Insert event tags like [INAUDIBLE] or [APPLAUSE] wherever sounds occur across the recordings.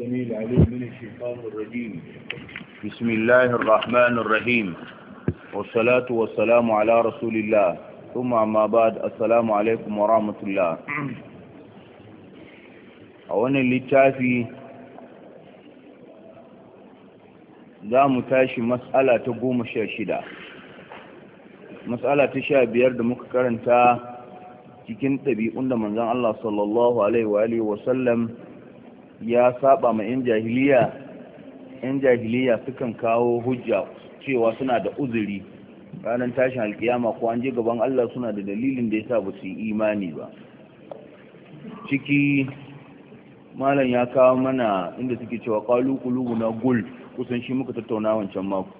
السميع العليم من الشيطان الرجيم بسم الله الرحمن الرحيم والصلاة والسلام على رسول الله ثم أما بعد السلام عليكم ورحمة الله أولا للتافي za mu tashi matsala ta goma sha shida matsala ta sha biyar da muka karanta cikin ɗabi'un da manzan Allah sallallahu Alaihi wasallam ya saba ma 'yan jahiliya 'yan jahiliya sukan kawo hujja cewa suna da uzuri ranar tashin alkiyama ko an je gaban Allah suna da dalilin da ya ba su yi imani ba ciki malam ya kawo mana inda suke cewa kwalu kulubu na gul kusan shi muka tattauna wancan mako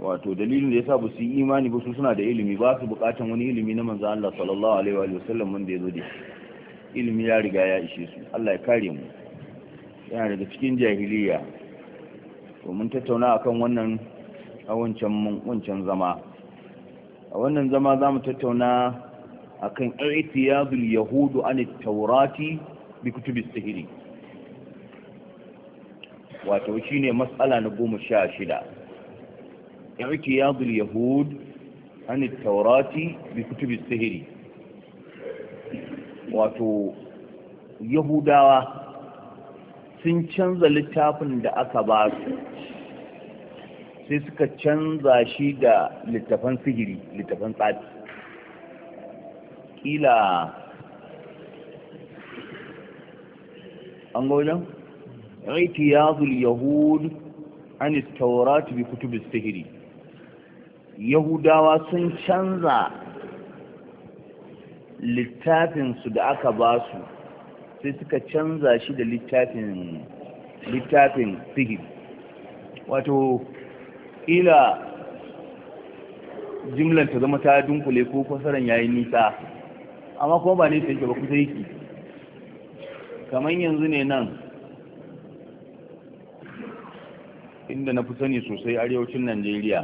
wato dalilin da yasa sa ba su yi imani ba su suna da ilimi ba su bukatan wani ilimi na manzo Allah sallallahu alaihi wa sallam wanda ya zo da shi ilimi ya riga ya ishe su Allah ya kare mu yana daga cikin jahiliya to mun tattauna akan wannan a wancan wancan zama a wannan zama za mu tattauna akan i'tiyadul yahudu an at-taurati bi kutubis sihiri wato shine matsala na goma sha shida i'tiyadul yahud an at-taurati bi kutubis sihiri wato yahudawa sun canza littafin da aka ba su sai suka canza shi da littafan sihiri littafan tsafi ƙila an gaujan raiti ya yahud an tauratu bi kutubis sihiri yahudawa sun canza littafinsu da aka ba su sai suka canza shi da littafin littafin sihir wato ila jimlar ta zama ta dunkule ko fasaran yayi nisa amma kuma ba ne ta yake ba kusa yake kamar yanzu ne nan inda na fi sani sosai arewacin najeriya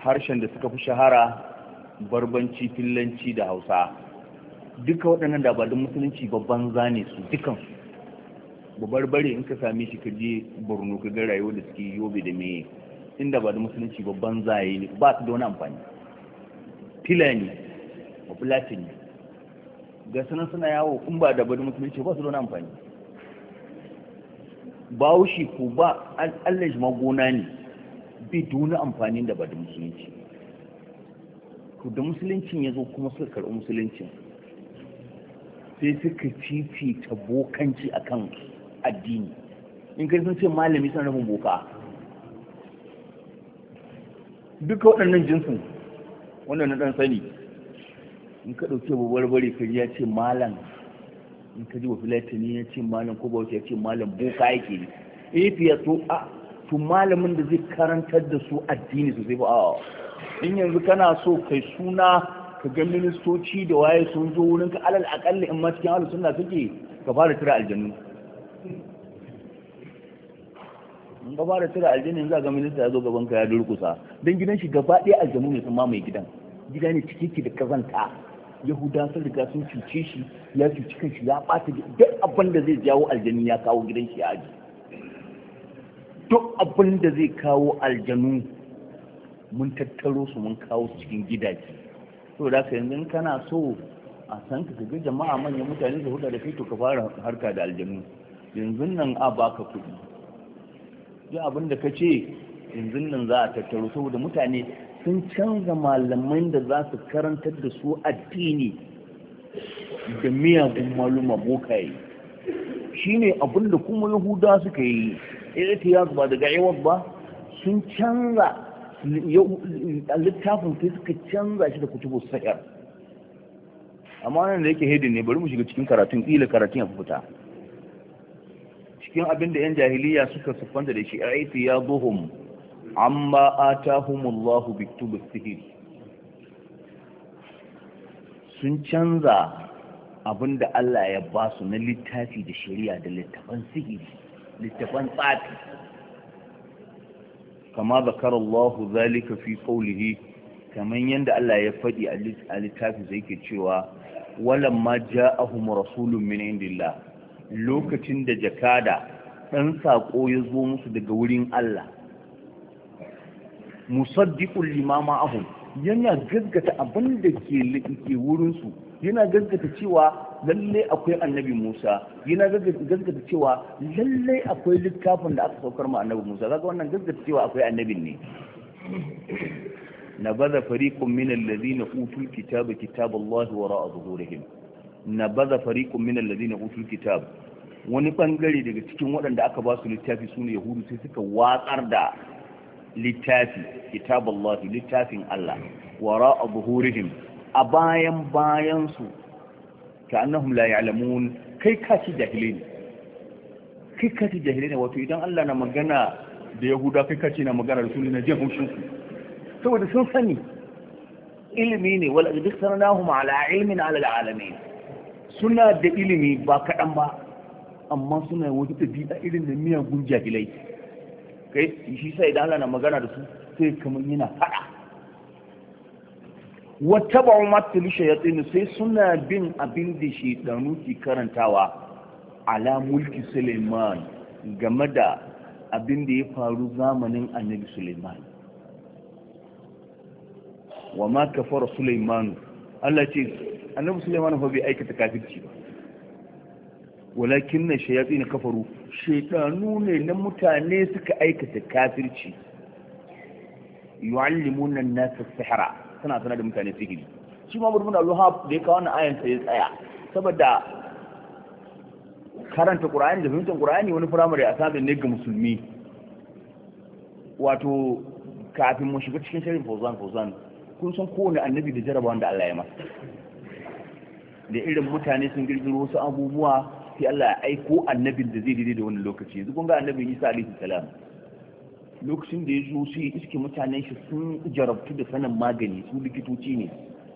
harshen da suka fi shahara barbanci fillanci da hausa duka waɗannan dabarun musulunci babban zane su dukan ba bare in ka same shi ka je borno ka ga rayuwar da suke yobe da meye inda ba da musulunci babban zaye ne ba su da wani amfani filani ba ne ga sanan suna yawo in ba da ba da musulunci ba su da wani amfani bawushi ko ba allah shi magona ne bai da wani amfani da ba da musulunci to da musuluncin ya zo kuma suka karɓi musuluncin sai suka fifita bokanci akan addini in kai sun ce malami sun rabin boka duka waɗannan jinsin wanda na ɗan sani in ka ɗauke ba bari ka ya ce malam in ka ji wa filatini ya ce malam ko bauchi ya ce malam boka yake ne eh fiye to a to malamin da zai karantar da su addini sosai ba a in yanzu kana so kai suna ka ga ministoci da waye sun zo wurin ka alal akalli in ma cikin ahlus sunna suke ka fara tira aljannu in ka fara tira aljannu yanzu ga minista ya zo gaban ka ya durkusa dan gidan shi gaba ɗaya aljannu ne sun mai gidan gida ne cike ki da kazanta yahuda sun riga sun cuce shi ya cuci kanshi ya ɓata duk abin da zai jawo aljanu ya kawo gidan shi a aji duk abin da zai kawo aljanu mun tattaro su mun kawo su cikin gidaje to da yanzu kana so a san ka ga jama'a manyan mutane su huda da kai to ka fara harka da aljanu yanzu nan a baka kuɗi duk abin da ka ce yanzu nan za a tattaro saboda mutane sun canza malamai da za su karantar da su addini da miyagun maluma bokaye shine abin da kuma yahuda suka yi ya ba daga iwas ba sun canza littafin sai suka canza shi da kutubu sa'ir amma nan da yake hedin ne bari mu shiga cikin karatun ƙila karatun ya fita cikin abin da 'yan jahiliya suka siffanta da shi aiti ya buhum amma atahumullahu bitubu sihir sun canza abin da Allah ya basu na littafi da shari'a da littafan sihiri littafan tsafi kama zakara Allah zalika fi qawlihi kaman yadda Allah ya faɗi a littafin sai ke cewa walamma ja'ahum rasulun min indillah lokacin da jakada ɗan saƙo ya zo musu daga wurin Allah musaddiƙun limama ahum yana gaggata abin da ke wurinsu yana gaskata cewa lalle akwai annabi Musa yana gaskata cewa lalle akwai littafin da aka saukar ma annabi Musa kaga wannan gaskata cewa akwai annabin ne نبذ فريق من الذين أوتوا الكتاب كتاب الله وراء ظهورهم نبذ فريق من الذين أوتوا wani bangare daga cikin waɗanda aka ba su littafi sune yahudu sai suka watsar da littafi kitab Allah littafin Allah wara a a bayan bayansu ka annahum la ya'lamun kai ka ci jahilai kai ka ci jahilai ne wato idan Allah na magana da Yahuda kai ka ci magana da su ne na jin sun sani ilimi ne wal adiktarnahum ala ilmin ala alamin suna da ilimi ba kaɗan ba amma suna wata ɗabi'a irin da miyagun jahilai kai shi idan Allah na magana da su sai kamar yana faɗa wata ba matul shayatin sai suna bin abin da ɗanu ke karantawa ala mulki suleiman game da abin da ya faru zamanin annabi suleiman wa ma kafara suleiman Allah ce annabi suleiman fa bai aikata kafirci ba walakin na shayatin kafaru shaidanu ne na mutane suka aikata kafirci yu'allimuna an-nasa sihra suna sanar da mutane sihiri shi ma murbin al-wahab da ya kawo wannan ayan sai ya tsaya saboda karanta qur'ani da fahimtar qur'ani wani firamare a sabin ne ga musulmi wato kafin mu shiga cikin shirin fauzan fauzan kun san kowane annabi da jaraba wanda Allah ya masa da irin mutane sun girgiro wasu abubuwa sai Allah ya aiko annabin da zai daidai da wani lokaci yanzu kun ga annabin Isa alaihi salam lokacin da ya zo shi iske mutanen shi sun jarabtu da sanin magani su likitoci ne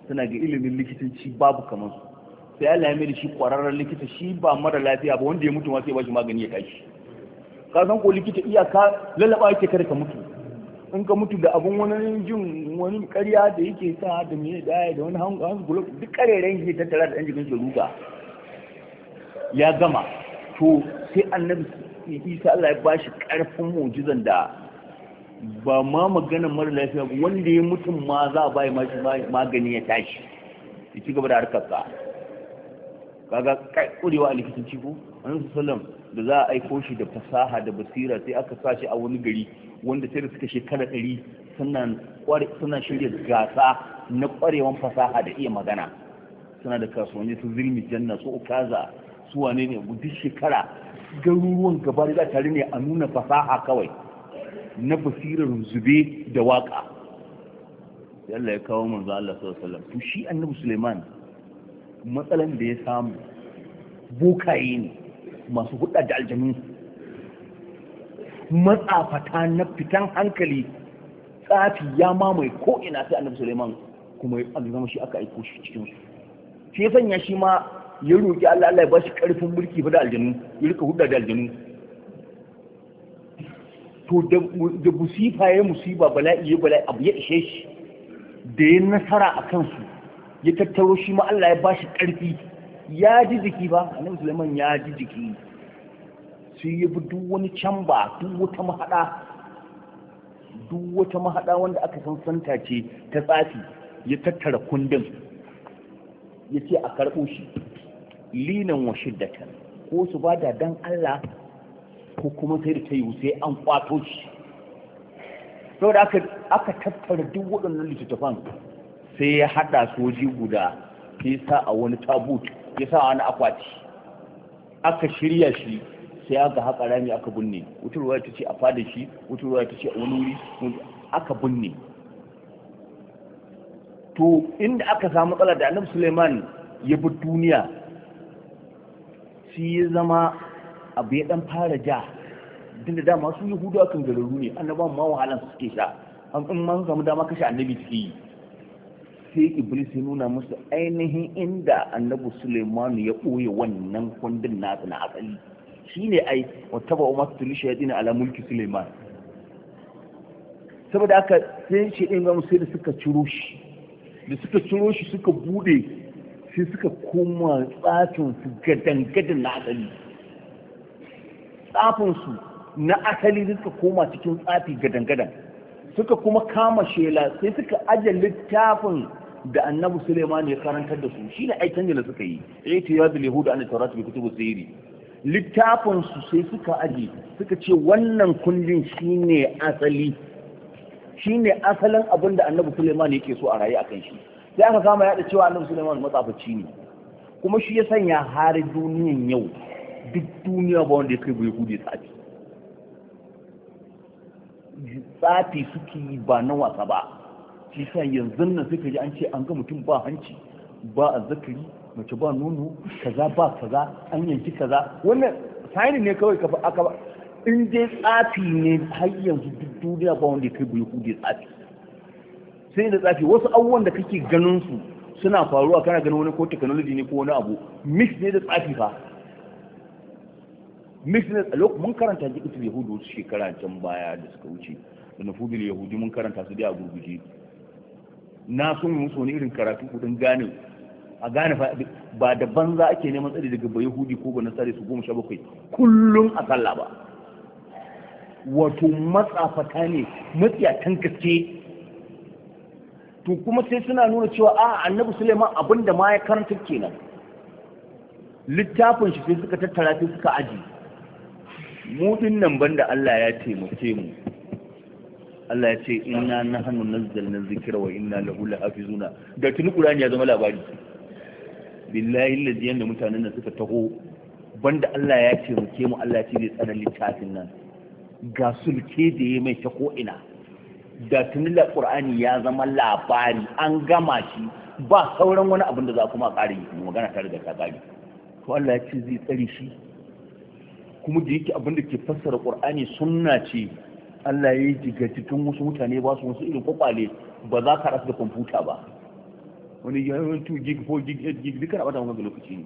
suna ga ilimin likitanci babu kamar su sai ya lami da shi kwararren likita shi ba mara lafiya ba wanda ya mutu ma sai ba shi magani ya tashi ka san ko likita iyaka lalaba yake kada ka mutu in ka mutu da abun wani jin wani ƙarya da yake sa da mai daya da wani hangu duk ƙarerayen yake tattara da ɗan jikin ruga ya gama to sai annabi Isa Allah ya bashi karfin mu'jizan da ba ma magana mara lafiya wanda ya mutum ma za a bai magani ya tashi ya ci gaba da harkar ka kaga kurewa a likitanci ko annabi sallam da za a aiko shi da fasaha da basira sai aka sa shi a wani gari wanda sai da suka shekara ɗari suna shirya gasa na kwarewan fasaha da iya magana suna da kasuwanci su zirmi janna su ukaza su wane ne duk shekara garuruwan gaba da za tare ne a nuna fasaha kawai na basirar zube da waka yalla ya kawo manzo Allah sallallahu alaihi wasallam to shi annabi Suleiman matsalan da ya samu bokaye ne masu hudda da aljami matsafata na fitan hankali tsafi ya mamaye ko ina sai annabi Suleiman kuma ya zama shi aka aiko shi cikin su sai sanya shi ma ya roki Allah Allah ya ba shi karfin mulki fa da aljanu ya rika hudda da aljanu to da musifa ya musiba bala'i ya bala'i abu ya ishe shi da ya nasara a kansu ya tattaro shi ma Allah ya ba shi ƙarfi ya ji jiki ba annabi Sulaiman ya ji jiki sai ya bi duk wani camba duk wata mahada duk wata mahada wanda aka san santa ce ta tsafi ya tattara kundin ya ce a karɓo shi linan wa shiddatan ko su bada dan Allah ko kuma sai da ta yi sai an kwato shi saboda aka aka tattara duk waɗannan littattafan sai ya haɗa soji guda ya sa a wani tabut ya sa a wani akwati aka shirya shi sai aka haƙa rami aka binne wutar ruwa ta ce a fada shi wutar ruwa ta ce a wani wuri aka binne to inda aka samu matsala da annabi suleiman ya bi duniya shi ya zama abu ya dan fara ja din da dama su yahudawa kan garuru ne annabawan ma wahalan suke sa, an in man samu dama kashe annabi suke yi sai iblis ya nuna musu ainihin inda annabi suleiman ya ɓoye wannan kundin nasu na asali Shi ne ai wata ba umar shaɗi na ala mulki suleiman saboda aka sai shi ɗin gamu sai da suka ciro shi da suka ciro shi suka bude sai suka koma tsakin su gadan gadan na asali tsafinsu na asali suka koma cikin tsafi gadan-gadan suka kuma kama shela sai suka ajiye littafin da annabi suleiman ya karantar da su shi ne aikin da suka yi ita ya zule hudu an taurata bai kutubu sayiri littafin littafinsu sai suka aje suka ce wannan kundin shine asali ne asalin abin da annabi suleiman yake so a rayu akan shi sai aka kama yada cewa annabi suleiman matsafaci ne kuma shi ya sanya har duniyan yau duk duniya ba wanda ya kai bai gude tsafi tsafi suke yi ba na wasa ba shi sa yanzu nan suka ji an ce an ga mutum ba hanci ba a zakari mace ba nono kaza ba kaza an yanki kaza wannan sayanin ne kawai kafa aka ba in dai tsafi ne har yanzu duk duniya ba wanda ya kai bai gude tsafi sai da tsafi wasu abubuwan da kake ganin su suna faruwa kana ganin wani ko technology ne ko wani abu mix ne da tsafi fa mishinar a lokacin mun karanta jikitul yahudu wasu shekara can baya da suka wuce da nufudul yahudu mun karanta su dai a gurguje na mu musu wani irin karatu kudin gane a gane ba da banza ake neman tsari daga ba yahudi ko ba nasari su goma sha bakwai kullum a sallah ba wato matsafata ne matsiyatan gaske to kuma sai suna nuna cewa a annabi suleiman abinda ma ya karanta kenan littafin shi sai suka tattara sai suka aji mutun nan banda Allah ya taimake mu Allah ya ce inna nahnu nazzalna dhikra wa inna lahu lahafizuna da tuni Qur'ani ya zama labari billahi alladhi yanda mutanen nan suka taho banda Allah ya taimake mu Allah ya ce zai tsara littafin nan ga sulke da ya mai ta ko ina da tuni la Qur'ani ya zama labari an gama shi ba sauran wani abin da za kuma ƙari magana ta riga ta ƙari to Allah ya ce zai tsare shi kuma da yake abinda da ke fassara qur'ani sunna ce Allah ya yi jigajikin wasu mutane ba su wasu irin kwakwale ba za ka rasu da kwamfuta ba wani ya yi 2 gig 4 gig 8 gig duka rabata wani lokaci ne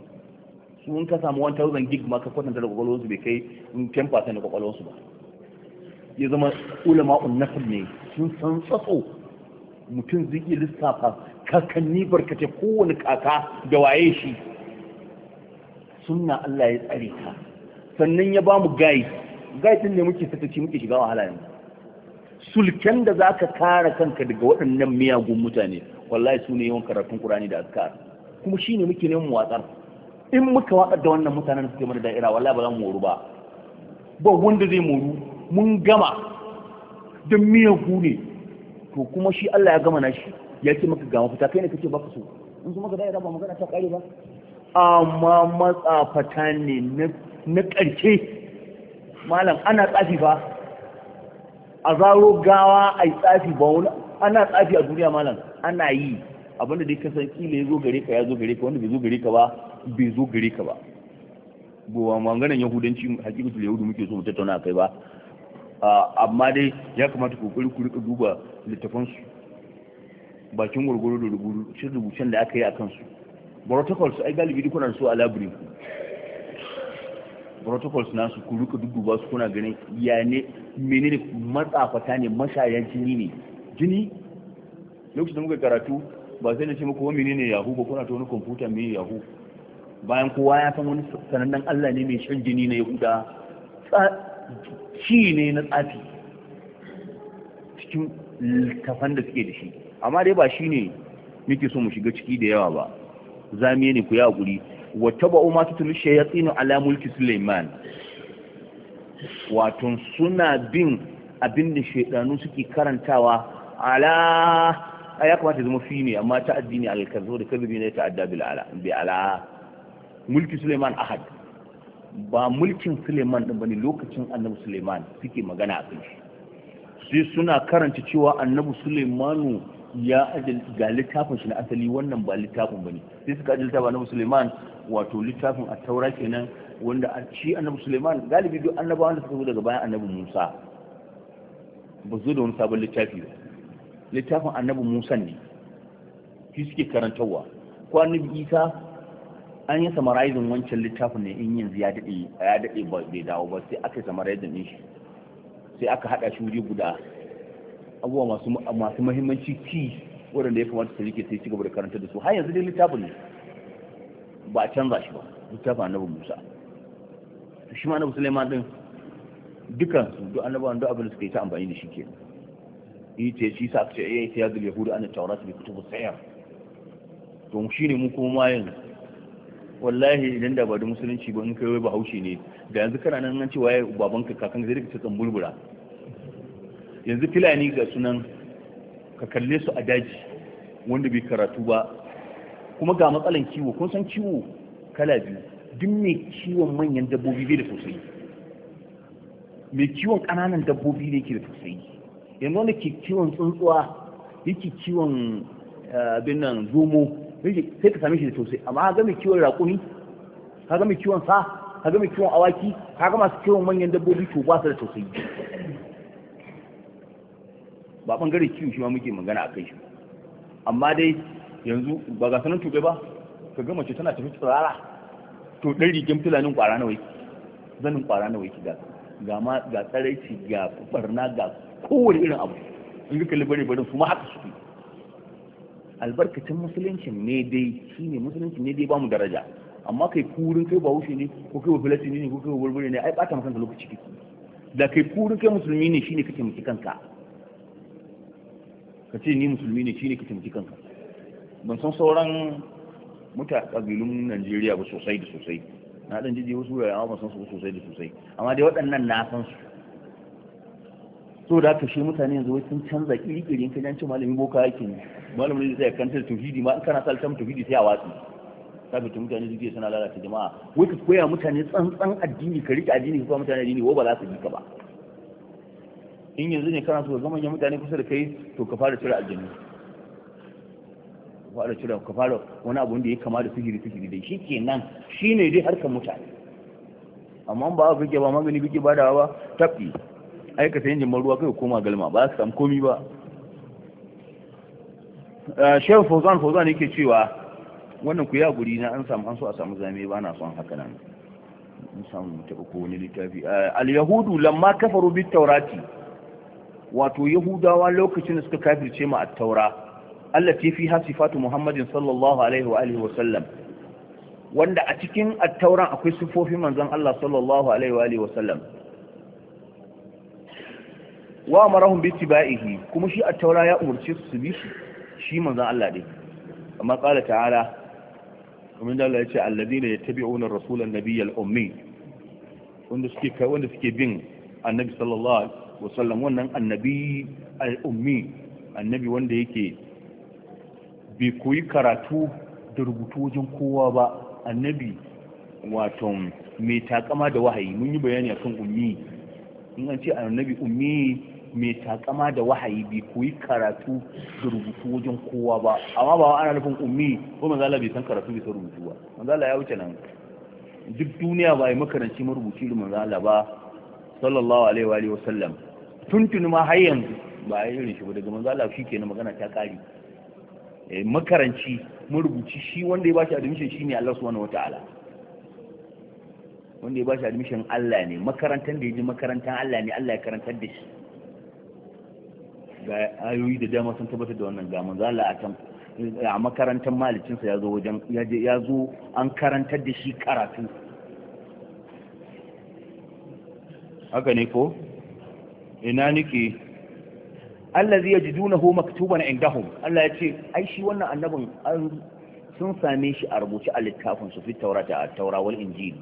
su in ka samu 1000 gig ma ka kwatanta da kwakwalwarsu bai kai 10% da kwakwalwarsu ba ya zama ulama unnasar ne sun san tsatso mutum zai iya lissafa kakanni barkace kowane kaka da waye shi sunna Allah ya tsare ka sannan ya ba mu guide guide ne muke ci muke shiga wahala yanzu sulken da za ka kare kanka daga waɗannan miyagun mutane wallahi su ne yawan karatun kurani da azkar kuma shi ne muke neman watsar in muka watsar da wannan mutanen suke mana da'ira wallahi ba za mu moru ba ba wanda zai moru mun gama don miyagu ne to kuma shi Allah ya gama nashi ya ce maka ga mafita kai ne kake baka so in kuma ga da'ira ba magana ta kare ba amma matsafata ne na na ƙarshe malam ana tsafi ba a zaro gawa a yi tsafi ba wani ana tsafi a duniya malam ana yi abinda dai kasan kila ya zo gare ka ya zo gare ka wanda bai zo gare ka ba bai zo gare ka ba gowa maganar yahudanci hakikatul yahudu muke so mu tattauna kai ba amma dai ya kamata kokari ku rika duba littafan su bakin gurguru da rubuce da aka yi akan su protocols ai galibi duk kuna so a library protocols nasu ku ruka dudduba su kuna ganin ya ne menene matsafata ne mashaya jini ne jini lokacin da muka karatu ba sai na ce muku wani menene yahu ba kuna ta wani kwamfuta mai yahu bayan kowa ya san wani sanannen Allah ne mai shan jini na yahuda ci ne na tsafi cikin littafan da suke da shi amma dai ba shi ne muke so mu shiga ciki da yawa ba zamiye ne ku yi haƙuri wattaba'u ma ya shayatin ala mulki Suleiman, wato suna bin abin da shaydanu suke karantawa ala ya kamata zama fi ne amma ta addini alkazo da kazubi ne ta adda bi ala mulki suleiman ahad ba mulkin suleiman din bane lokacin annabi suleiman suke magana a kai shi sai suna karanta cewa annabi suleimanu ya ajal ga littafin shi na asali wannan ba littafin bane sai suka aje littafin na musulman wato littafin at-taura kenan wanda shi annabi musulman galibi duk annabawa da suka zo daga bayan annabi Musa ba zo da wani sabon littafi ba littafin annabi Musa ne shi suke karantarwa ko annabi Isa an yi samarizing wancan littafin ne in yanzu ya dade ya dade ba bai dawo ba sai aka yi samarizing din shi sai aka hada shi wuri guda abubuwa masu masu muhimmanci ki waɗanda ya kamata sai ke sai ci gaba da karanta da su har yanzu dai littafin ne ba a canza shi ba littafin annabi Musa shi ma annabi Sulaiman din dukan su duk annabi wanda abin da suka yi ta amfani da shi ke yi ce shi sa ce ya ta yadda yahudu an taurat bi kutubu sayyar to shi ne mu kuma yanzu wallahi idan da ba da musulunci ba in kai wai bahaushe ne da yanzu kana nan nan cewa babanka kakan zai rika ta tsamburbura yanzu filani ga sunan ka kalle su a daji wanda bai karatu ba kuma ga matsalan kiwo kun san kiwo kala biyu duk mai kiwon manyan dabbobi bai da tausayi mai kiwon ƙananan dabbobi ne ke da tausayi yanzu wanda ke kiwon tsuntsuwa yake kiwon eh, abin nan zomo sai ka same shi da tausayi amma ga mai kiwon raƙumi ka ga mai kiwon sa ka ga mai kiwon awaki ka ga masu kiwon manyan dabbobi to ba su da tausayi ba bangare kiwo shi ma muke magana a kai shi amma dai yanzu ba ga sanin tube ba ka ga mace tana tafi tsirara to dan rigin filanin kwara nawa yake zanin kwara nawa yake ga ga ma ga tsaraici ga barna ga kowane irin abu in ga kalli bare barin su ma haka su albarkacin musulunci ne dai shine musulunci ne dai ba mu daraja amma kai kurin kai bahaushe ne ko kai bafilatin ne ko kai burbure ne ai bata maka lokaci kike da kai kurin kai musulmi ne shine kake miki kanka ka ce ni musulmi ne shi ne ka taimaki kanka ban san sauran muta ƙabilun Najeriya ba sosai da sosai na ɗan jiji wasu wuraren amma ban san su sosai da sosai amma dai waɗannan na san su so da haka shi mutane yanzu wai sun canza kirkirin ka janci malamin boka yake ne malamin ne zai kantar tuhidi ma in kana sa altam tuhidi sai a watsi kaga tun mutane suke suna lalata jama'a wai ka koya mutane tsantsan addini ka rike addini ka kuma mutane addini ko ba za su bi ka ba in yanzu ne kana so ka gama mutane kusa da kai to ka fara cire aljanu fara cire ka fara wani abu da ya kama da sihiri sihiri dai shi nan shi ne dai harkar mutane amma ba a fike ba magani biki ba da ba tafi aika sayan jimar ruwa kai koma galma ba su samu komi ba eh, shehu fozan fozan yake cewa wannan ku ya guri na an samu an so a samu zame ba na son haka nan mun samu ta uku wani littafi eh, al yahudu lamma kafaru bit taurati wato yahudawa lokacin da suka kafirce mu a taura Allah ta fi hasifatu Muhammadin sallallahu alaihi wa alihi wa sallam wanda a cikin at-tauran akwai sifofin manzon Allah sallallahu alaihi wa alihi wa sallam wa amarahum bi tibaihi kuma shi at-taura ya umurce su su bi shi shi manzon Allah dai amma qala ta'ala kuma da Allah ya ce alladina yattabi'una ar-rasulan nabiyyal ummi wanda suke wanda suke bin annabi sallallahu alaihi wasallam wannan annabi al'ummi annabi wanda yake bai koyi karatu da rubutu wajen kowa ba annabi wato mai takama da wahayi mun yi bayani akan ummi in an ce annabi ummi mai takama da wahayi bai koyi karatu da rubutu wajen kowa ba amma ba ana nufin ummi ko manzala bai san karatu bai san rubutu ba manzala ya wuce nan duk duniya ba yi makaranci marubuci da manzala ba sallallahu alaihi wa sallam Tuntun ma har yanzu ba a irin shi ba daga manzo Allah shi na magana ta kare eh, makaranci marubuci shi wanda ya bashi admission shine Allah subhanahu wataala wanda ya bashi admission Allah ne makarantar da ya ji makarantar Allah ne Allah ya karantar da shi ga ayoyi da dama sun tabbatar da wannan ga manzo Allah a can a makarantar malicinsa ya zo wajen ya zo an karantar da shi karatu haka ne ko ina nake allazi yajidunahu maktuban indahum Allah ya ce ai shi wannan annabin sun same shi a rubuce a littafin su fi taurata a taura wal injil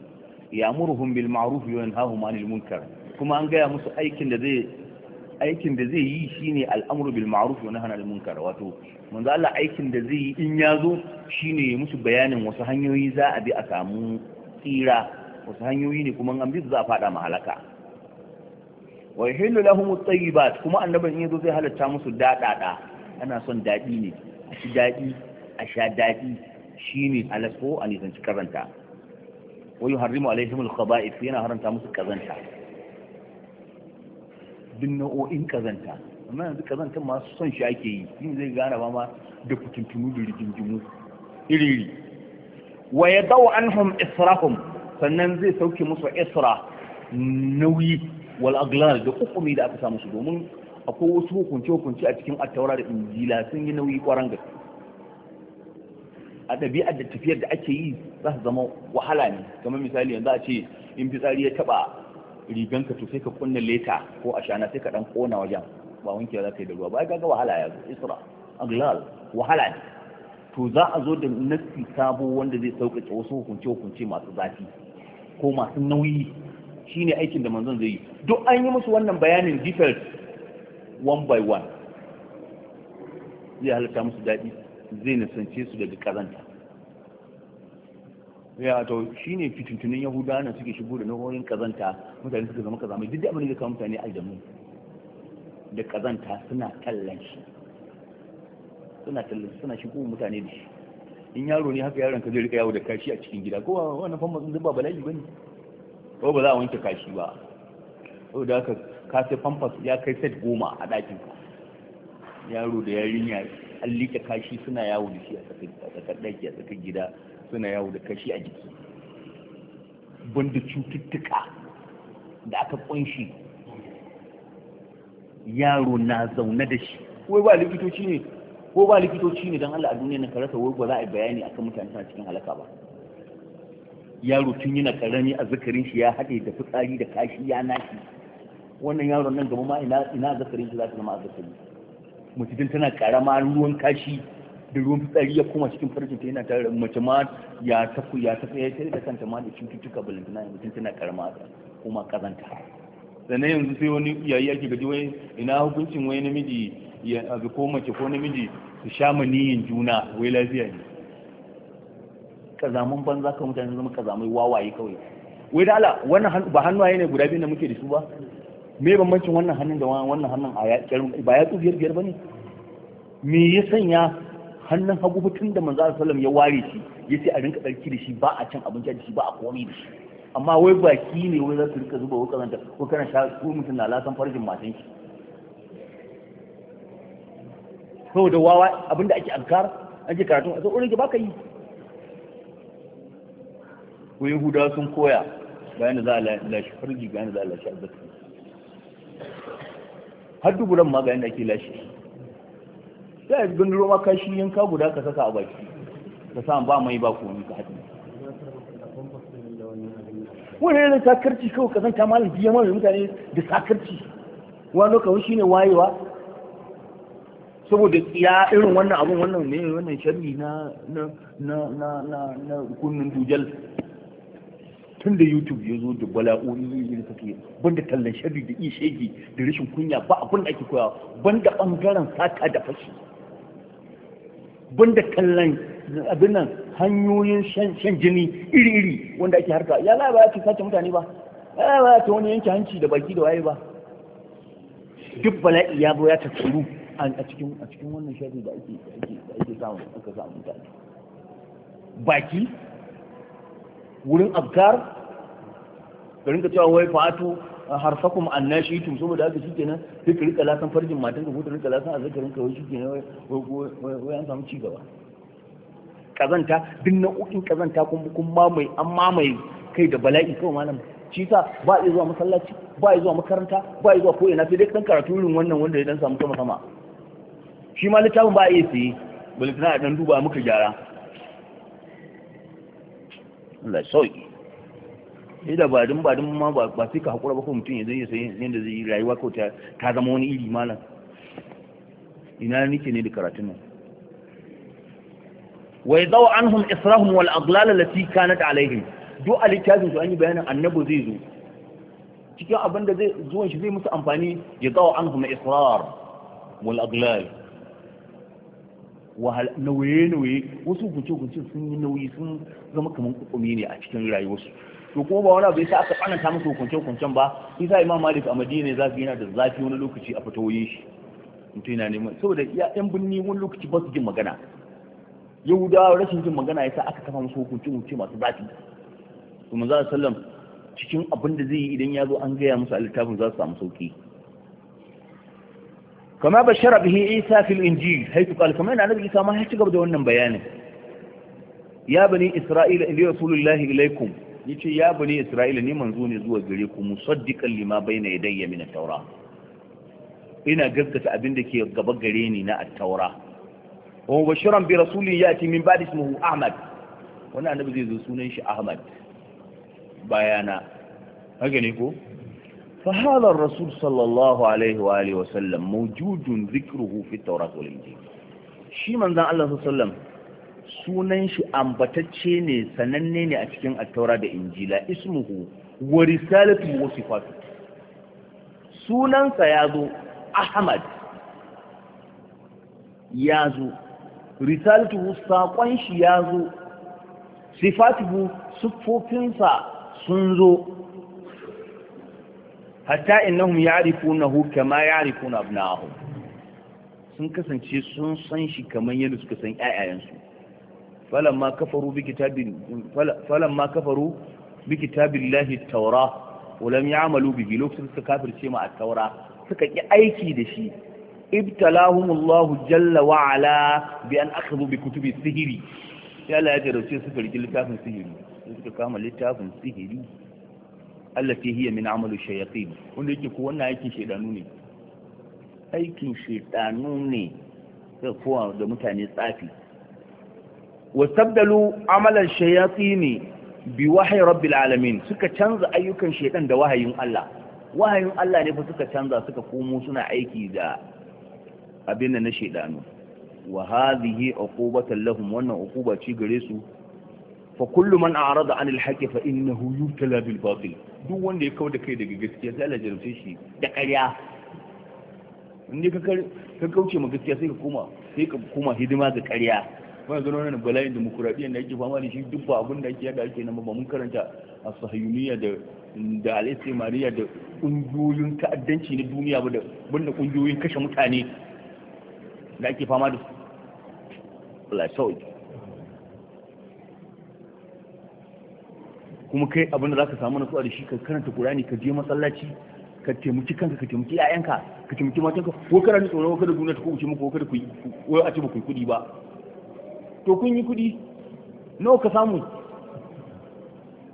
ya'muruhum bil ma'ruf wa yanhahum 'anil munkar kuma an gaya musu aikin da zai aikin da zai yi shine al'amru bil ma'ruf wa nahyi 'anil munkar wato manzo Allah aikin da zai yi in yazo shine ya musu bayanin wasu hanyoyi za a bi a samu tsira wasu hanyoyi ne kuma an bi za a fada mahalaka wa yuhillu lahum at-tayyibat kuma annabin yazo zai halatta musu dadada ana son dadi ne a ci dadi a sha dadi shine alasko a nisanci karanta wa yuharrimu alaihim al-khaba'ith yana haranta musu kazanta bin nau'o'in kazanta amma yanzu kazantar masu son shi ake yi yin zai gane ba ma da kutuntunu da rigingimu Iriri. wa ya dawo anhum israhum sannan zai sauke musu isra nauyi wal aglal da hukumi da aka samu su domin akwai wasu hukunce hukunce a cikin attaura da injila sun yi nauyi kwaran gaske a ɗabi'ar da tafiyar da ake yi za su zama wahala ne kamar misali yanzu a ce in fitsari ya taɓa riganka to sai ka kunna leta ko a shana sai ka ɗan ƙona wajen ba wanke za ka yi da ruwa ba ga wahala ya zo isra aglal wahala ne to za a zo da nassi sabo wanda zai sauƙaƙe wasu hukunce hukunce masu zafi ko masu nauyi Shi ne aikin da manzon zai yi duk an yi musu wannan bayanin details one by one zai halitta musu daɗi zai nisance su daga kazanta ya to ne fitintunin yahuda na suke shigo da nahorin kazanta mutane suka zama kazamai duk da abin da kawo mutane aljamu da kazanta suna tallan shi suna tallan suna shigo mutane da shi in yaro ne haka yaron ka zai rika yawo da kashi a cikin gida kowa wannan famma sun zuba bala'i bane ko ba za a wanke kashi ba ko da haka ka sai famfas ya kai set goma a ɗakin ka yaro da yarinya an liƙe kashi suna yawo da shi a tsakar ɗaki a tsakar gida suna yawo da kashi a jiki banda cututtuka da aka ƙunshi yaro na zaune da shi wai ba likitoci ne ko ba likitoci ne don Allah a duniya na karasa wai ba za a yi bayani akan mutane suna cikin halaka ba yaro tun yana karami a zakarin shi ya haɗe da fitsari da kashi ya nashi wannan yaron nan gaba ma ina ina zakarin shi za ta zama a zakari mutum tana karama ruwan kashi da ruwan fitsari ya koma cikin farcin ta yana tare mace ma ya tafi ya tafi ya tare da kanta ma da cututtuka balantana mutum tana karama kuma kazanta sannan yanzu sai wani iyaye yake gaji wai ina hukuncin wai namiji ya ko mace ko namiji su sha maniyin juna wai lafiya ne kazamun banza ka mutane zama kazamai wawaye kawai wai da Allah wannan ba hannuwaye ne guda biyu da muke da su ba me bambancin wannan hannun da wannan hannun a yaƙi ba ya biyar biyar bane me ya sanya hannun hagu hutun da manzo sallam ya ware shi yace a rinka tsarki da shi ba a cin abinci da shi ba a komai da shi amma wai baki ne wai za su rinka zuba wuka zanta ko kana sha ko mutum na lasan farjin matan shi saboda wawa abinda ake ankar an je karatu a tsoron ki baka yi ko yahuda sun koya bayan da za a lashe farji bayan da za a lashe albasa har duburan ma bayan da ake lashe sai a gandaro roma kashi yanka guda ka saka a baki ka sa ba mai ba komai ka haɗu wani yana sakarci kawai ka san kamalin biya mara mutane da sakarci wani shi ne wayewa saboda ya irin wannan abun wannan ne wannan sharri na na na na na kunnin dujal tun da youtube ya zo da bala'o'i iri ban banda tallan shari da ishegi da rashin kunya ba abin da ake ban banda ɓangaren sata da fashi banda tallan abin nan hanyoyin shan jini iri-iri wanda ake harka ya la ba ya ce sace mutane ba ya ba ya ce wani yanke hanci da baki da waye ba duk bala'i ya bo ya tattaru a cikin a cikin wannan shari da ake da ake samu aka samu mutane baki wurin abkar ka cewa wai fatu harfakum annashitum saboda haka shikenan sai ka rika lasan farjin matan ka ko ta rika lasan azzakarin ka wai shikenan wai wai an samu cigaba kazanta duk nau'o'in kazanta kun kun mamaye an mamaye kai da bala'i kawai malam shi sa ba iya zuwa masallaci ba iya zuwa makaranta ba iya zuwa ko ina sai dai ɗan karatu irin wannan wanda ya dan samu sama sama shi ma littafin ba iya siye balantana a dan duba muka gyara Allah sauki sai da badin badin ma ba sai ka hakura ba ko mutum ya zai sai yadda zai yi rayuwa ko ta ta zama wani iri malam ina nake ne da karatun nan wa yadau anhum israhum wal aghlal allati kanat alaihim do a littafin su an yi bayanin annabi zai zo cikin abin da zai zuwan shi zai musu amfani ya gawa an huma israr wal aglal nauye-nauye wasu hukunce-hukunce sun yi nauyi sun zama kamar kukumi ne a cikin rayuwarsu to kuma ba wani abu sa aka tsananta musu hukunce-hukuncen ba shi sa imam malik a madina ne zafi yana da zafi wani lokaci a fatawoyin shi mutum yana neman saboda iya yan binni wani lokaci ba su jin magana yahudawa rashin jin magana yasa aka kafa musu hukunce-hukunce masu zafi to manzo sallam cikin abin da zai yi idan ya zo an gaya musu a littafin za su samu sauki kama bashara bihi isa fil injil haitu qala kama yana nabi isa ma ya ci gaba da wannan bayanin ya bani isra'ila inni rasulullahi ilaikum yace ya bani isra'ila ni manzo ne zuwa gare ku musaddiqan lima bayna yadayya min at-taura ina gaskata abin da ke gaba gare ni na at-taura wa mubashiran bi rasulin yati min ba'di ismihi ahmad wannan annabi zai zo sunan shi ahmad bayana haka ne ko فهذا الرسول صلى الله عليه وآله وسلم موجود ذكره في التوراة والإنجيل شي من ذا الله صلى الله عليه وسلم sunan shi ambatacce ne sananne ne a cikin attaura da injila ismuhu wa risalatu wa sifatu sunansa ya zo ahmad ya zo risalatuhu saƙon shi ya zo sifatuhu siffofinsa sun zo hatta innahum ya'rifunahu kama ya'rifuna abna'ahum sun kasance sun san shi kamar yadda suka san ƴaƴayensu falamma kafaru bi kitabin falamma kafaru bi kitabillahi at-taura wa lam ya'malu bihi lokacin suka kafirce ma at-taura suka ki aiki da shi ibtalahumullahu jalla wa ala bi an akhadhu bi kutubi sihiri sai Allah ya jarrace su karki littafin sihiri suka kama littafin sihiri allati hiya min amalu shayatin wanda yake ko wannan aikin shedanu ne aikin shedanu ne sai kowa da mutane tsafi Wa wastabdalu amalan shayatin bi wahyi rabbil alamin suka canza ayyukan shedan da wahayin Allah wahayin Allah ne fa suka canza suka komo suna aiki da abin na shedanu wa hadhihi uqubatan lahum wannan uquba ci gare su fa kullu man a'rada anil haqqi fa innahu yubtala bil batil duk wanda ya kauda kai daga gaskiya sai Allah jarumce shi da ƙarya in ka ka kauce ma gaskiya sai ka koma sai ka koma hidima ga ƙarya ba zan wannan bala'in demokuraɗiyyar da ake fama da shi duk ba abin da yake yada ake nan ba mun karanta a sahiyuniya da da alaisi mariya da ƙungiyoyin ta'addanci na duniya ba da banda ƙungiyoyin kashe mutane da ake fama da su Allah ya kuma kai abin da zaka samu nutsuwa da shi ka karanta Qur'ani ka je masallaci ka taimaki kanka ka taimaki ƴaƴanka ka taimaki matanka ko kana ni tsoron kada duniya ta kuce muku kada ku ko a ce ba ku kudi ba to kun yi kudi nawa ka samu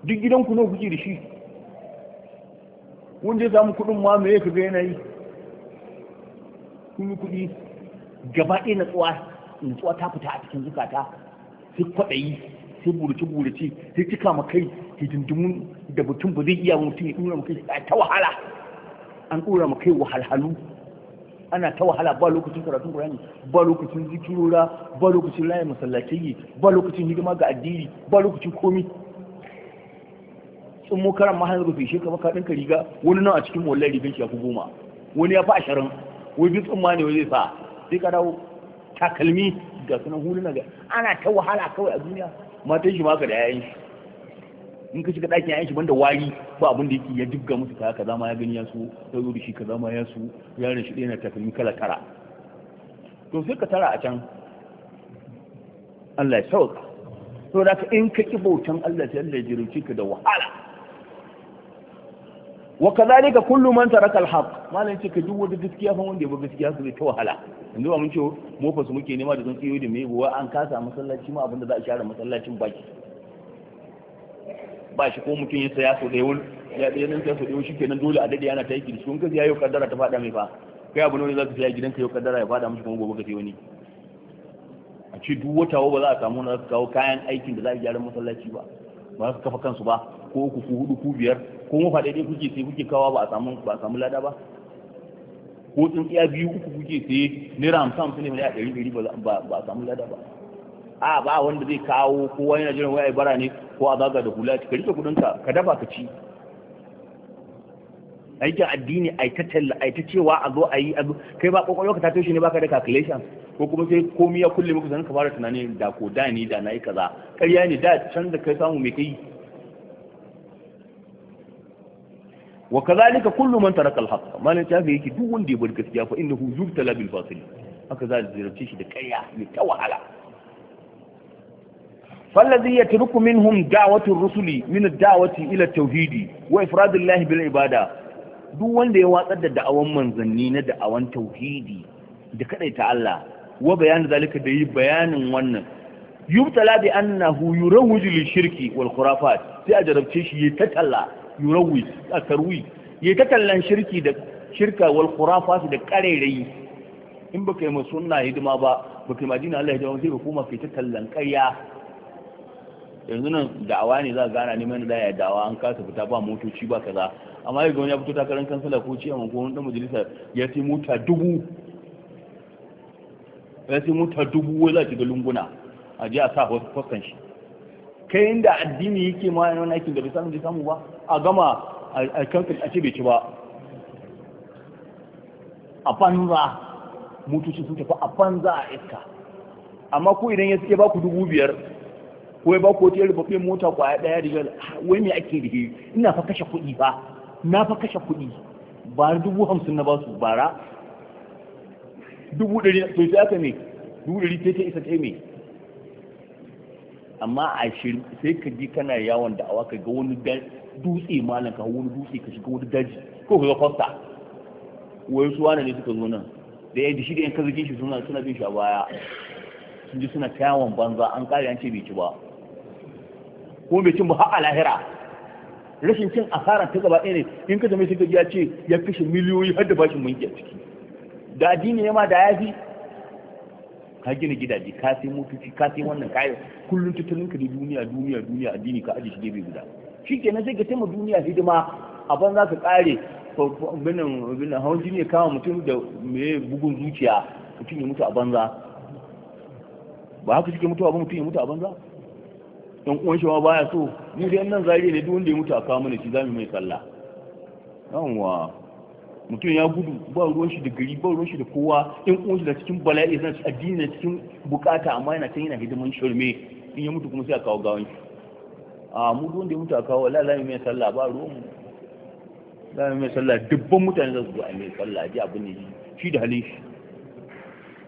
duk gidanku nawa kuke da shi wanda ya samu kudin ma me ka ga yana yi kun yi kudi gaba ɗaya natsuwa natsuwa ta fita a cikin zukata sai kwaɗayi sai burace burace sai cika ma kai hidindimun da mutum ba zai iya mutum ya dura ma a ta wahala an dura ma kai wahalhalu ana ta wahala ba lokacin karatun Qur'ani ba lokacin zikirora ba lokacin layin masallatai ba lokacin hidima ga addini ba lokacin komi in mu karan mahal rufe shi ka kaɗin ɗinka riga wani nan a cikin wallan rigar shi ya fi goma wani ya fi ashirin wai bi tsumma ne zai sa sai ka dawo takalmi ga sunan huluna ga ana ta wahala kawai a duniya matan shi maka da yayan shi in ka shiga ɗakin yayan shi banda wari ba abin da yake ya dubga musu kaya kaza ma ya gani ya su ya zo da shi kaza ma ya su yaron shi ɗaya na takalmi kala tara to sai ka tara a can Allah ya sauka to da in ka ki bautan Allah sai Allah ya jirauce ka da wahala wa kazalika kullu man taraka al-haq malan ce ka duk da gaskiya fa wanda ya ba gaskiya su ta wahala yanzu ba mun ce mu fa su muke nema da tsantsiyo da me. buwa an kasa masallaci ma abinda za a share masallacin baki ba shi ko mutum ya saya so da yau ya da yanin sai so da shi dole a dade yana ta yi shi kun ya yau kaddara ta fada mai fa kai abu ne za ka saya gidanka yau kaddara ya fada mishi kuma gobe ka sai wani a ce duk wata ba za a samu na za kawo kayan aikin da za a gyara masallaci ba ba za su kafa kansu ba ko ku ku hudu ku biyar ko mu faɗa dai kuke sai kuke kawa ba a samu ba a samu lada ba ko iya biyu uku kuke sai naira hamsin hamsin ne a ɗari ɗari ba a samu lada ba a ba wanda zai kawo ko wani na jiran wai bara ne ko a zaga da hula ka rike kudin ka dafa ka ci aikin addini ai ta talla ai ta cewa a zo a yi a zo kai ba kokon ka ta shi ne baka da calculation ko kuma sai komai ya kulle muku zan ka fara tunanin da ko da ni da nayi kaza ƙarya ne da can da kai samu me kai wa kazalika kullu man taraka al-haqq malan shafi yake duk wanda ya bar gaskiya fa innahu yubtala bil fasili haka za a zirce shi da kayya mai ta wahala فالذي يترك منهم دعوة الرسل من الدعوة إلى التوحيد وإفراد الله بالعبادة duk wanda ya watsar da da'awan manzanni na da'awan tauhidi da ta Allah wa bayan zalika da yi bayanin wannan yubtala bi annahu yurawwiju lil shirki wal khurafat sai a jarabce shi ya ta yurawi a tarwi ya ta kallon shirki da shirka wal su da karerai in baka yi suna hidima ba baka yi majina Allah hidima sai ka koma kai ta tallan karya yanzu nan da'awa ne za a gana neman da ya da'awa an kasa fita ba motoci ba kaza amma ya wani ya fito takarar kansala ko ciyar mako wani dan majalisa ya sai mota dubu ya sai mota dubu wai za a shiga lunguna a ji a sa fuskan shi kai inda addini yake ma yana aikin da bai samu bai samu ba a gama a kankan a ce bai ci ba a banza mutuci sun tafi a banza a iska amma ko idan ya suke ba ku dubu biyar ko ya ba ku wata rubafe mota kwaya daya da wai me ake da ina fa kashe kuɗi ba na fa kashe kuɗi ba dubu hamsin na ba su bara dubu ɗari to sai aka ne dubu ɗari sai ta isa ta mai amma a shirin sai ka ji kana yawon da awa ka ga wani dutse malam ka wani dutse ka shiga wani daji ko ka ga fasta wai su wane ne suka zo nan da yadda shi da yan kazakin shi suna suna bin shi a baya sun ji suna kyawon banza an kare an ce bai ci ba ko bai cin ba har a lahira rashin cin asara ta gaba ɗaya ne in ka zama sai ka ji ya ce ya kashe miliyoyi har da bashin mulki a ciki da addini ne ma da ya fi ka gina gidaje ka sai motoci ka sai wannan kayan kullum tattalin ka da duniya duniya duniya addini ka aje shi gebe guda shikenan sai ka taimaka duniya hidima a banza ka kare binin hawan jini ya kama mutum da mai bugun zuciya mutum ya mutu a banza ba haka suke mutuwa ba mutum ya mutu a banza ɗan uwan shi ma baya so Ni dai nan zariya ne duk wanda ya mutu a kawo mana shi zamu mai sallah yawwa mutum ya gudu ba ruwan shi da gari ba ruwan shi da kowa in kuma shi da cikin bala'i zan ci addini da cikin bukata amma yana can yana hidiman shirme in ya mutu kuma sai a kawo gawan shi a mu wanda ya mutu a kawo wallahi lami mai sallah ba ruwan mu lami mai sallah dubban mutane za su zo a mai sallah ji abin ne shi da halin shi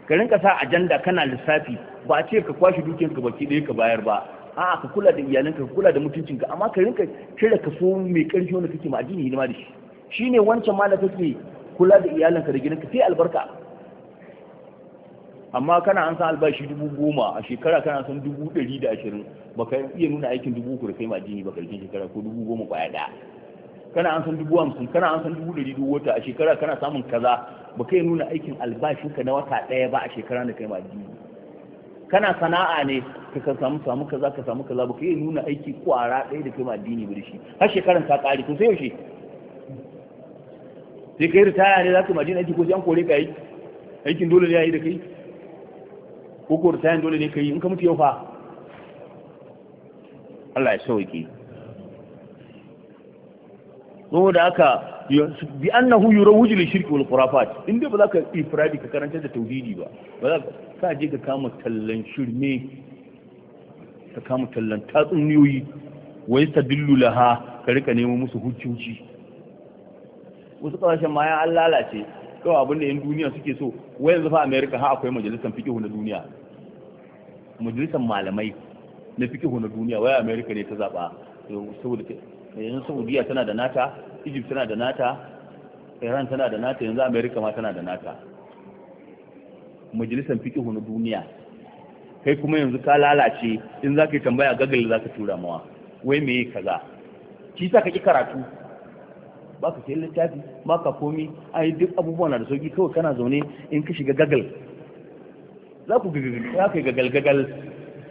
ka rinka sa ajanda kana lissafi ba a ce ka kwashi ka baki ɗaya ka bayar ba a'a ka kula da iyalanka ka kula da mutuncinka amma ka rinka cire kaso mai ƙarfi wanda kake ma addini hidima da shi Shi ne wancan ma da kake kula da iyalinka da gidanka sai albarka amma kana an san albashi dubu goma a shekara kana san dubu ɗari da ashirin ba ka iya nuna aikin dubu uku da kai majini ba karshen shekara ko dubu goma kwaya ɗaya kana an san dubu hamsin kana an san dubu ɗari dubu wata a shekara kana samun kaza ba ka iya nuna aikin albashinka na wata ɗaya ba a shekara da kai majini kana sana'a ne ka samu samu kaza ka samu kaza ba ka iya nuna aiki kwara ɗaya da kai majini ba da shi har shekaran ta ƙare to sai yaushe sai kai ritaya ne za ka majin aiki ko sai an kore ka yi aikin dole ne ya yi da kai ko ko ritayan dole ne ka yi in ka mutu yau fa Allah ya sauke saboda haka bi annahu yurawuju lil shirki wal khurafat inda ba za ka ifradi ka karanta da tauhidi ba ba za ka je ka kama tallan shirme ka kama tallan tatsuniyoyi wai yastadillu laha ka rika neman musu hujjoji wasu kasashen ma ya an lalace kawai abin da yan duniya suke so wai yanzu fa America ha akwai majalisar fiqh na duniya majalisar malamai na fiqh na duniya wai America ne ta zaba saboda yanzu Saudiya tana da nata Egypt tana da nata Iran tana da nata yanzu America ma tana da nata majalisar fiqh na duniya kai kuma yanzu ka lalace in za ka yi tambaya gagal za ka tura mawa wai me kaza shi sa ka ki karatu baka sayi littafi baka komi yi duk abubuwa na da sauki kawai kana zaune in ka shiga gagal za ku yi gagal gagal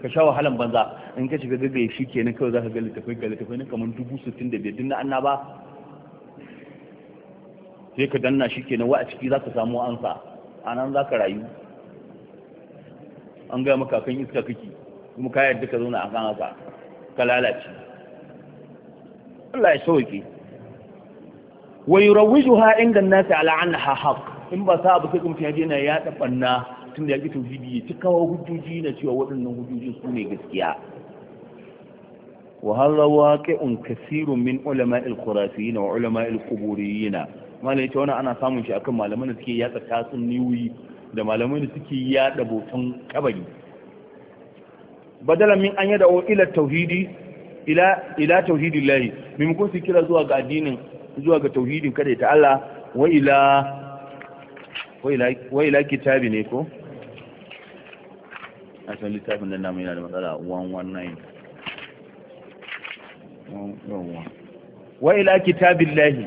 ka sha wahalan banza in ka shiga gagal shi nan kawai za ka ga littafai ga littafai na kamar dubu sittin da biyar duk na ba. sai ka danna shi nan wa a ciki za ka samu ansa a nan za ka rayu an gaya maka kan iska kake kuma ka yarda ka zauna a kan haka ka lalace Allah ya sauke wa yurawijuha inda nasi ala annaha haqq in ba sa ba sai kuma yaje ya tabanna tun da yake tauhidi ya kawo hujjoji na cewa waɗannan hujjoji su ne gaskiya wa hadha waqi'un kaseerun min ulama'il khurasiyyin wa ulama'il quburiyyin malai ta wannan ana samun shi akan malaman da suke yatsa tasunniyoyi da malaman da suke yaɗa botan kabari badala min an yada ila tauhidi ila ila tauhidillahi maimakon su kira zuwa ga addinin zuwa ga tauhidin kada ta Allah wa ila wa ila kitabi ne ko a san littafin nan namu yana da matsala 119 wa ila lahi,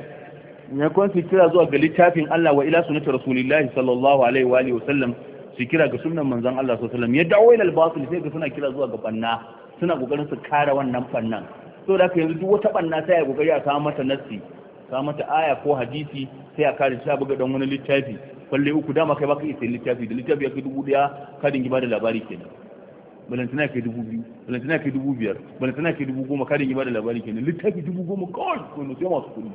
ne kon su kira zuwa ga littafin Allah wa ila sunnati rasulillahi sallallahu alaihi wa alihi wasallam su kira ga sunan manzan Allah sallallahu alaihi wasallam ya da'u ila al sai ga suna kira zuwa ga banna suna kokarin su kare wannan fannan so da ka yanzu duk wata banna sai ya kokari a samu mata nassi ka mata aya ko hadisi sai a kare ta buga dan wani littafi falle uku dama kai baka isa littafi da littafi yake dubu daya ka dinga ba da labari kenan balantana kai dubu biyu balantana ke dubu biyar balantana ke dubu goma ka dinga ba da labari kenan littafi dubu goma kawai ko ne sai masu kuɗi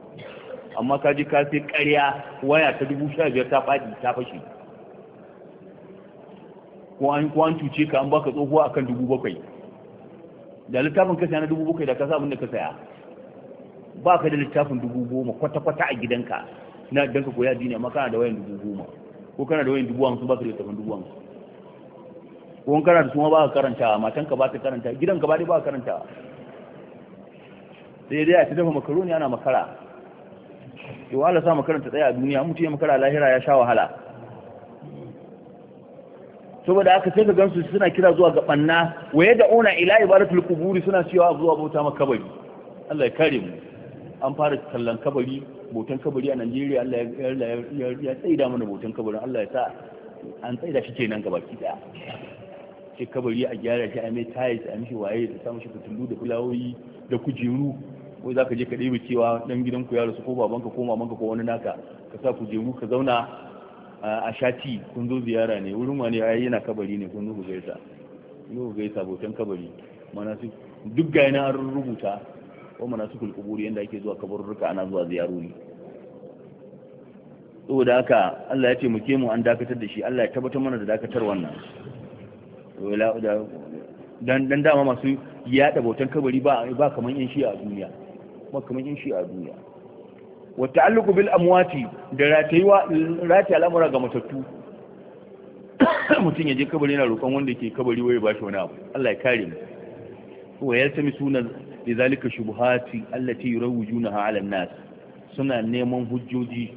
amma ka je ka sai ƙarya waya ta dubu sha biyar ta faɗi ta fashe ko an ko an cuce ka an baka tsohuwa akan dubu bakwai da littafin ka na dubu bakwai da ka sa abin da ka saya ba ka da littafin dubu goma kwata-kwata a gidanka na don ka koya jini amma kana da wayan dubu goma ko kana da wayan dubu wansu ba ka da littafin dubu wansu. ko in kana da su ma ba ka karanta matanka ba ta karanta gidanka ba dai ba ka karanta sai dai a ta dafa makaroni ana makara to Allah sa makaranta tsaya a duniya mutum ya makara lahira ya sha wahala saboda aka sai ka gansu suna kira zuwa ga banna waye da ona ila ibadatul kuburi suna cewa zuwa bauta makabari Allah ya kare mu an fara kallon kabari botan kabari a Najeriya Allah ya tsaida mana botan kabarin Allah ya sa an tsaida shi kenan gaba ki daya Ke kabari a gyara shi a mai tayis a mishi waye da samu shi fitilu da fulawoyi da kujeru ko za ka je ka ɗebe cewa ɗan gidan ku ya rasu ko babanka ko mamanka ko wani naka ka sa kujeru ka zauna a shati kun zo ziyara ne wurin wani ya yana kabari ne kun zo ku gaisa ku gaisa botan kabari mana su duk ga an rubuta wa manasikul kuburi yanda ake zuwa kaburruka ana zuwa ziyarori saboda haka Allah ya ce mu ke mu an dakatar da shi Allah ya tabbatar mana da dakatar wannan dan dan dama masu da bautan kabari ba ba kaman yin shi a duniya ba kaman yin shi a duniya wa ta'alluqu bil amwati da rataywa rati al'amura ga matattu [COUGHS] mutum ya je kabari yana roƙon wanda ke kabari waye ba shi wani abu Allah ya kare mu wa yalsami sunan lidhalika shubuhati allati yurawwijunaha 'ala an-nas suna neman hujjoji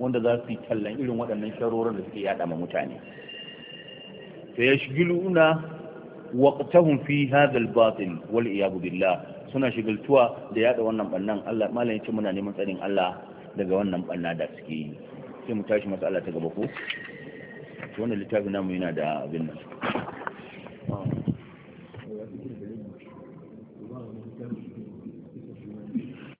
wanda za su tallan irin waɗannan sharorin da suke yada ma mutane fa yashghiluna waqtahum fi hadha al-batil wal iyad billah suna shigaltuwa da yada wannan bannan Allah malam ce muna neman tsarin Allah daga wannan banna da suke yi sai mu tashi Allah ta gaba ko wannan littafin namu yana da abin nan